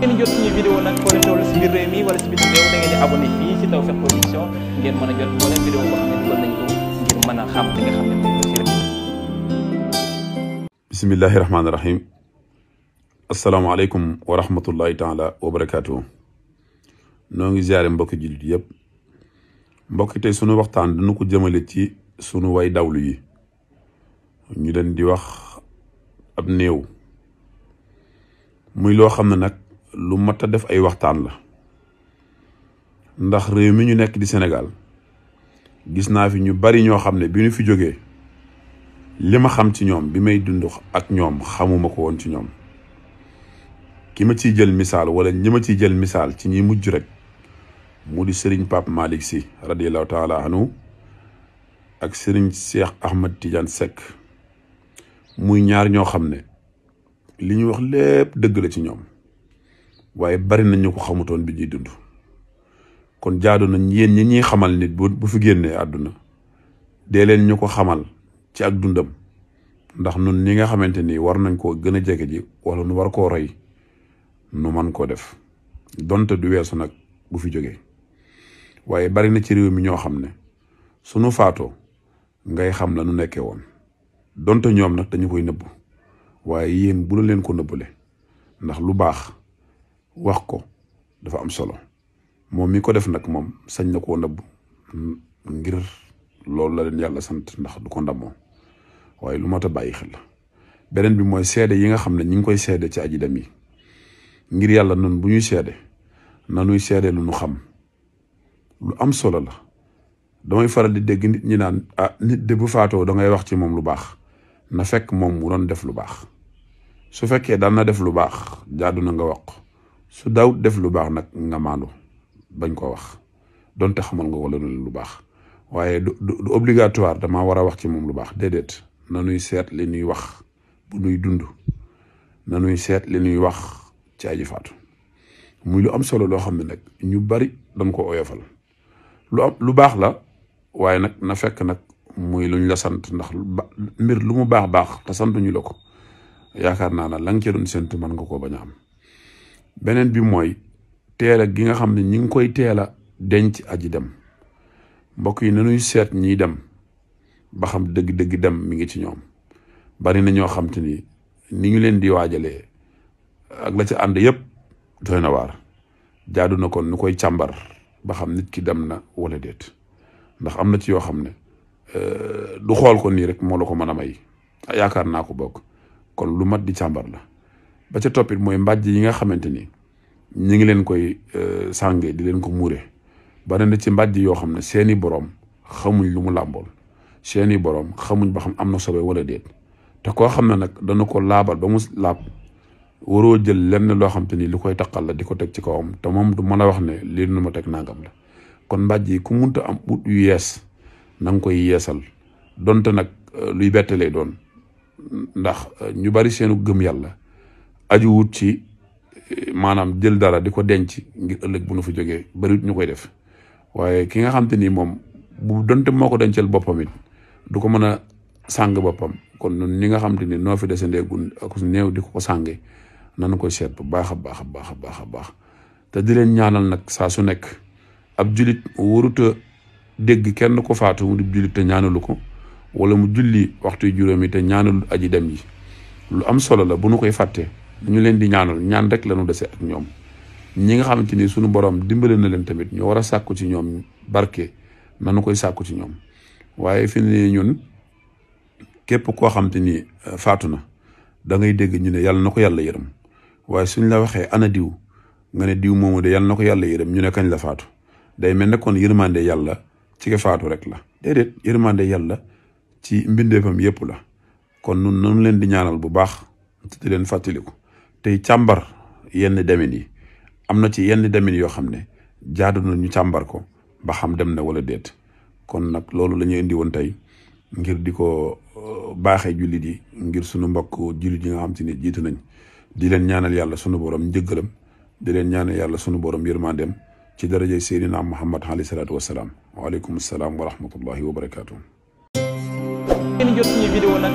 ngeen jot suñu bismillahi rahmaani rahim asalaamaaleykum wa rahmatullahi taala wa barakaatu. noo ngi ziare mbokki jullit yëpp mbokki tey sunu waxtaan dañu ko jëmale ci sunu way dawlu yi ñu leen di wax ab néew muy loo xam ne nag lu mat a def ay waxtaan la ndax réew mi ñu nekk di Sénégal gis naa fi ñu bari ñoo xam ne bi ñu fi jógee li ma xam ci ñoom bi may dund ak ñoom xamuma ko woon ci ñoom ki ma ciy jël misaal wala ñi ma ciy jël misaal ci ñi mujj rek mu di sëriñ Pape Malick Sy radiyallahu taala ak sëriñ Cheikh Ahmad Tidiane Seck muy ñaar ñoo xam ne li ñu wax lépp dëgg la ci ñoom waaye bari na ñu ko xamutoon bi ñuy dund kon jaadu nañ yéen ñi ñuy xamal nit bu bu fi génnee àdduna dee leen ñu ko xamal ci ak dundam ndax nun ñi nga xamante ni war nañ koo gën a jege ji wala nu war koo roy nu man koo def donte du weesu nag bu fi jógee waaye bari na ci réew mi ñoo xam ne sunu faatoo ngay xam la nu nekkee woon donte ñoom nag dañu koy nëbbu waaye yéen bu la leen ko nëbbale ndax lu baax wax ko dafa am solo moom mi ko def nag moom sañ na koo nëbb ngir loolu la leen yàlla sant ndax du ko ndamoo waaye lu mat a bàyyi xel la beneen bi mooy seede yi nga xam ne ñi ngi koy seede ci aji dem yi ngir yàlla nun bu ñuy seede nanuy seede lu nu xam lu am solo la damay faral di dégg nit ñi naan ah nit de bu faatoo da ngay wax ci moom lu baax na fekk moom mu doon def lu baax su fekkee daan na def lu baax jaadu na nga wax su daawut def lu baax nag nga maandu bañ koo wax donte xamal nga wala lu baax waaye du du obligatoire damaa war a wax ci moom lu baax déedéet na nuy seet li nuy wax bu nuy dund na nuy seet li nuy wax ci aji faatu muy lu am solo loo xam ne nag ñu bari dañ ko oyofal lu lu baax la waaye nag na fekk nag muy lu luñ la sant ndax mbir lu mu baax baax te santuñu la ko yaakaar naa ne la nga ci doon séntu mën nga ko bañ am. beneen bi mooy teel gi nga xam ne ñi ngi koy teel a denc aji dem mbokk yi nanuy seet ñiy dem ba xam dëgg-dëgg dem mi ngi ci ñoom bari na ñoo xam te ni ni ñu leen di waajalee ak la ca ànd yëpp doy na waar jaadu na kon nu koy càmbar ba xam nit ki dem na wala déet ndax am na ci yoo xam ne euh, du xool ko nii rek moo la ko mën a may yaakaar naa ko bokk kon lu mat di càmbar la ba ca toppit mooy mbàjj yi nga xamante ni ñi ngi leen koy euh, sànge di leen ko muure bare na ci mbàjj yoo xam ne seeni boroom xamuñ lu mu làmbool seeni boroom xamuñ ba xam am na sobe wala déet te koo xam ne nag dana ko laabal ba mu laab waroo jël lenn loo xam te ni lu koy taqal la di ko teg ci kawam te moom du mën a wax ne lii nu ma teg nangam la kon mbàjj yi ku munta am ut yu yees na koy yeesal donte nag euh, luy bette lay doon ndax euh, ñu bari seenu gëm yàlla aju wut ci eh, maanaam jël dara di ko denc ngir ëllëg bu nu fa jógee bëriwut ñu koy def waaye ki nga xam te ni moom bu donte moo ko dencal boppamit it du ko mën a sàng boppam kon ñun ñi nga xam te ni noo fi dese ndeegun ak néew di ko ko sànge nanu koy seet bu baax a baax baax baax a baax te di ñaanal nag saa su nekk ab julit waruta dégg kenn ko faatu mu di jullit te ñaanalu ko wala mu julli waxtu juróomi te ñaanalu aji dem yi lu am solo la bu nu koy fàttee ñu leen di ñaanal ñaan rek la ñu dese ak ñoom ñi nga xamante ni suñu borom dimbale na leen tamit ñu war a sàkku ci ñoom barke nanu koy sàkku ci ñoom waaye fi ne ñun képp koo xamante ni euh, faatu na dangay dégg ñu ne yàlla na ko yàlla yërëm waaye suñ la waxee ana diw nga ne diw moomu de yàlla na ko yàlla yërëm ñu ne kañ la faatu day mel ne kon yërmande yàlla ci ka faatu rek la déedéet yërmande yàlla ci mbindeefam yépp la kon nun nanu leen di ñaanal bu baax te di leen fàttaliku tey càmbar yenn demin yi am na ci yenn demin yoo xam ne jaadu na ñu càmbar ko ba xam dem na wala déet kon nag loolu la ñu indi woon tey ngir di ko euh, baaxee jullit yi ngir sunu mbokk jullit yi nga xam te ne jiit nañ di leen ñaanal yàlla sunu borom njëggalam di leen ñaanal yàlla sunu borom yërmandeem ci darajay Seydina Muhammad alayhi salaatu wa salaam waaleykum salaam wa rahmatullahi wa barakaatu. ngeen jot suñu vidéo nag